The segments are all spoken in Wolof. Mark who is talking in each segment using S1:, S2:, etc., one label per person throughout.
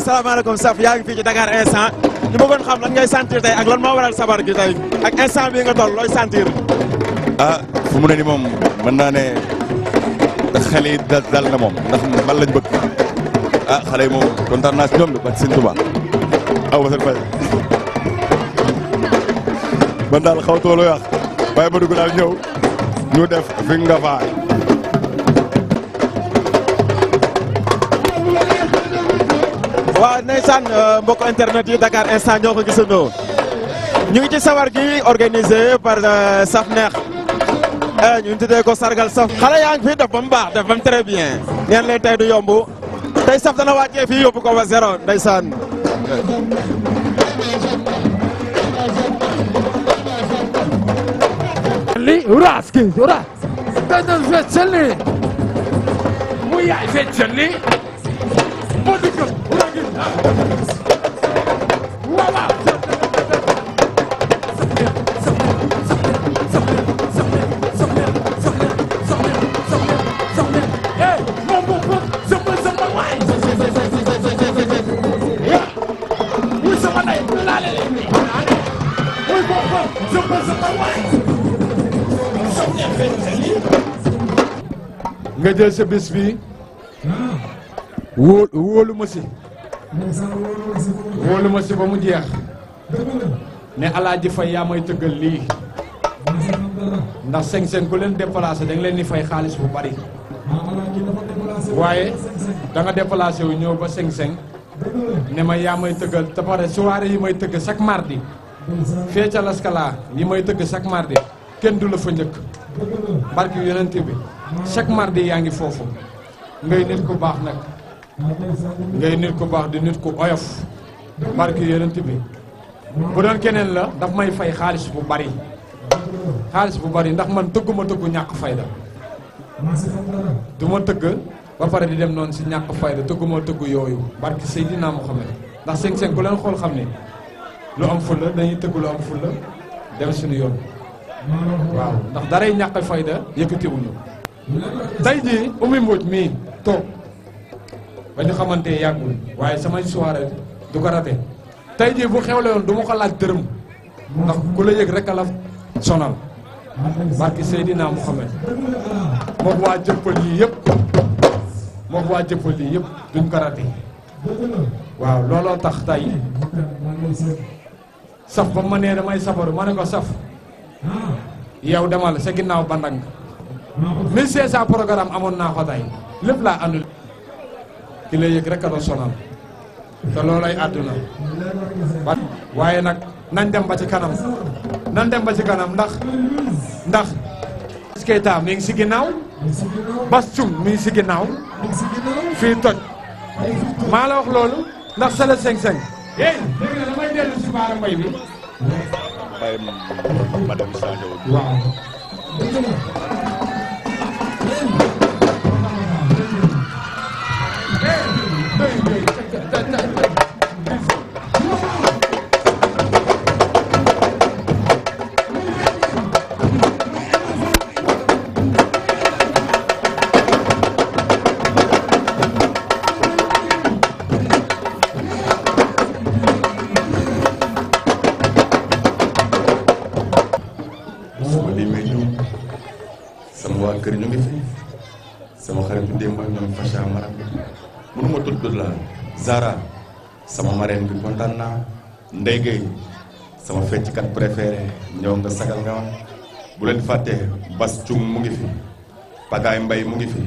S1: salaamaaleykum Saf yaa ngi fii ci Dakar instant ñu bëggoon xam lan ngay sentir tey ak lan moo waral sabar gi tey ak instant bii nga toll looy sentir. ah fu mu ne ni moom mën naa ne xale yi dal na moom ndax man lañ bëgg ah xale yi moom kontaan naa si ñoom ba si Tuubaa aw ba seen fay man daal xaw toolu yàq waaye ba dugg daal ñëw ñu def fi nga waaw ndeysaan euh, mbokk internet yi Dakar instant ñoo ko gisandoo ñu ngi ci sawar gi organisé par euh, Saf Neex eh, ñu tuddee ko sargal Saf xale yaa ngi fi def ba mu baax def ba mu très bien ngeen leen tey du yomb tey Saf dana wàccee fii yóbbu ko ba zéro ndeysaan li nga jël sa bés bi wóolu wóolu ma si wóolu ma si ba mu jeex ne alaaji fay yaa may tëggal lii ndax seng seng ku leen déplacé da leen di fay xaalis bu bari waaye da nga wu ñëw ba seng seng ne ma yaa may tëggal te pare soirée yi may tëgg chaque mardi fee ca laskala yi may tëgg chaque mardi kenn du la fa njëkk barki yonent bi chaque mardi yaa ngi foofu ngay nit ku baax nag ngay nit ku baax di nit ku oyof barki yonent bi bu doon keneen la daf may fay xaalis bu bari xaalis bu bari ndax man tëgguma tëggu ñàkk fayda du ma tëgg ba pare di dem noonu si ñàkk fayda tëggu ma tëggu yooyu barki Seydina Muhammad ndax seng seng ku leen xool xam ne lu am fulla dañuy tëgg lu am fulla dem suñu yoon waaw ndax daray ñàkk fayda yëkkatiwuñu tey jii Oumy Mbodj mii toog ba ñu xamante yàggul waaye samay soirée du ko raté tey jii bu xewle woon du ma ko laaj dërëm ndax ku la yëg rek a la sonal barki Seydina Mouhamed mook waa jëppal yi yëpp mook waa jëppal yi yëpp duñ ko raté waaw looloo tax tay saf ba ma nee damay safaru ma ne ko saf yow demal sa ginnaaw bandang mi see sa programme amoon naa ko tey lépp laa àndul ki ya la yëg rek a la sonal te lolay aduna waaye nak nañ dem ba ci kanam nañ dem ba ci kanam ndax ndax Aziz ta mi ngi ci ginaaw Bass Thioung mi ngi ci ginaaw fi toj ma la wax lolou ndax sala seng seng eh dégg nga damay dellu si baara mbay bi mbay ma dem saa waaw sama waa kër ñu ngi fi sama xarit bu démb ak ñoom Facha Mara mënuma tudd la Zara sama marraine bi kontaan naa Ndeye Gueye sama fecckat préféré ñëw nga sagal nga ma bu leen fàtte Bas Cung mu ngi fi Pagaay Mbay mu ngi fi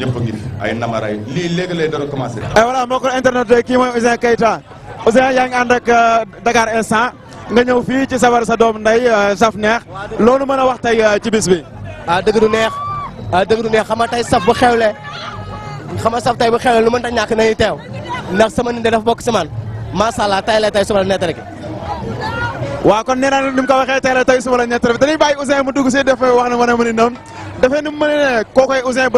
S1: ñëpp ngi fi ay namaray lii léegi lay dara commencé. ay voilà moo ko internet kii mooy Ouzin Keita Ouzin yaa ngi ànd ak Dakar instant nga ñëw fii ci sawar sa doom ndey eh, saf neex loolu mën a wax tey eh, ci bis bi. ah dëgg du neex ah dëgg du neex xam nga tey saf bu xewle. xam nga saf tay bu xewee lu mën ta ñàkk nañu teew ndax sama nit dafa bokk si man macha allah tay la tay suba la kon nee naa leen ko waxee tay la tay suba la nett rek dañuy bàyyi Ouzin mu dugg si dafay wax ne ma ne ma ni noonu dafay nu mu mën a ne kookoy Ouzin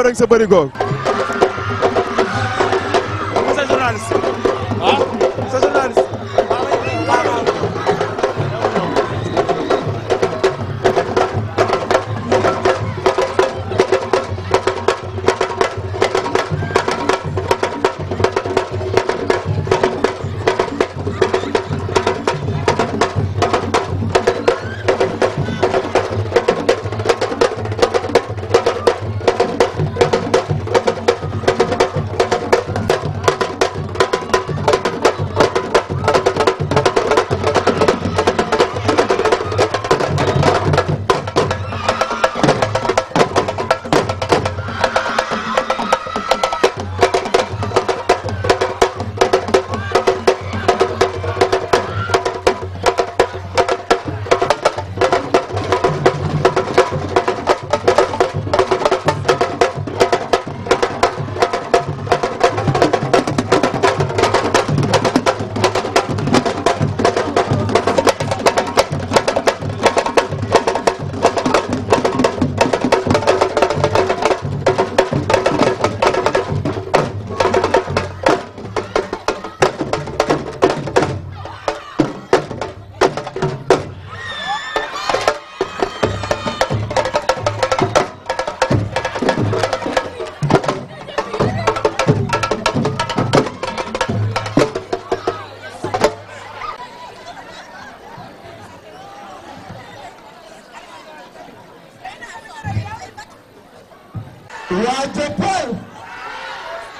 S1: waa Joppal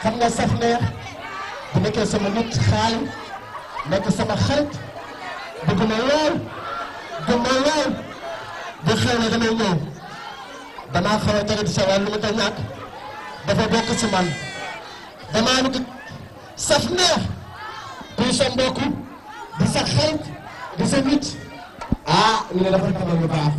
S1: xam nga saf neex bu nekkee sama nit xaal nekk sama xarit bëgg ma lool gëm ma lool bu xew ne damay ñëw damaa xaw a jege di sa lu ma ta ñàkk dafa bokk si man damaa bëgg saf neex kuy sa mbokk di sa xarit di sa nit ah ñu ne dafa tamal lu baax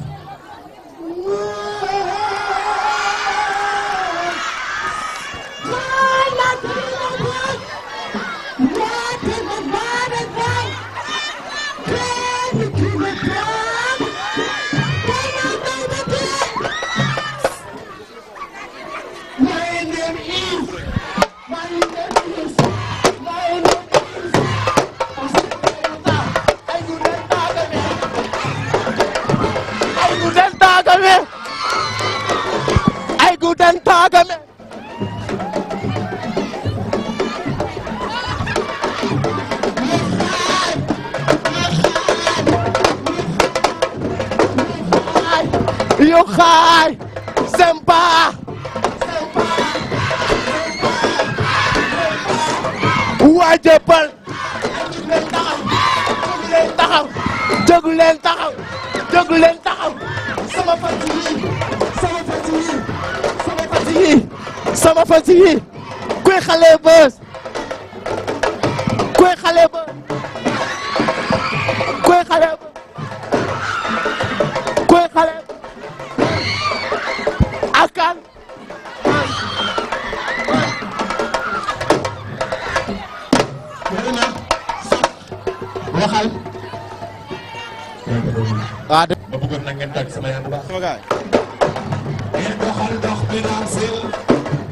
S1: tagame ay guden tagame yo xaay sempa waa jëppal jóg leen taxaw jóg leen taxaw jóg leen sama fas yi kuy xale bës kuy xale bës kuy xale bës kuy xale akan waxal waaw de ma bëggoon na ngeen tàgg sama yaram bu baax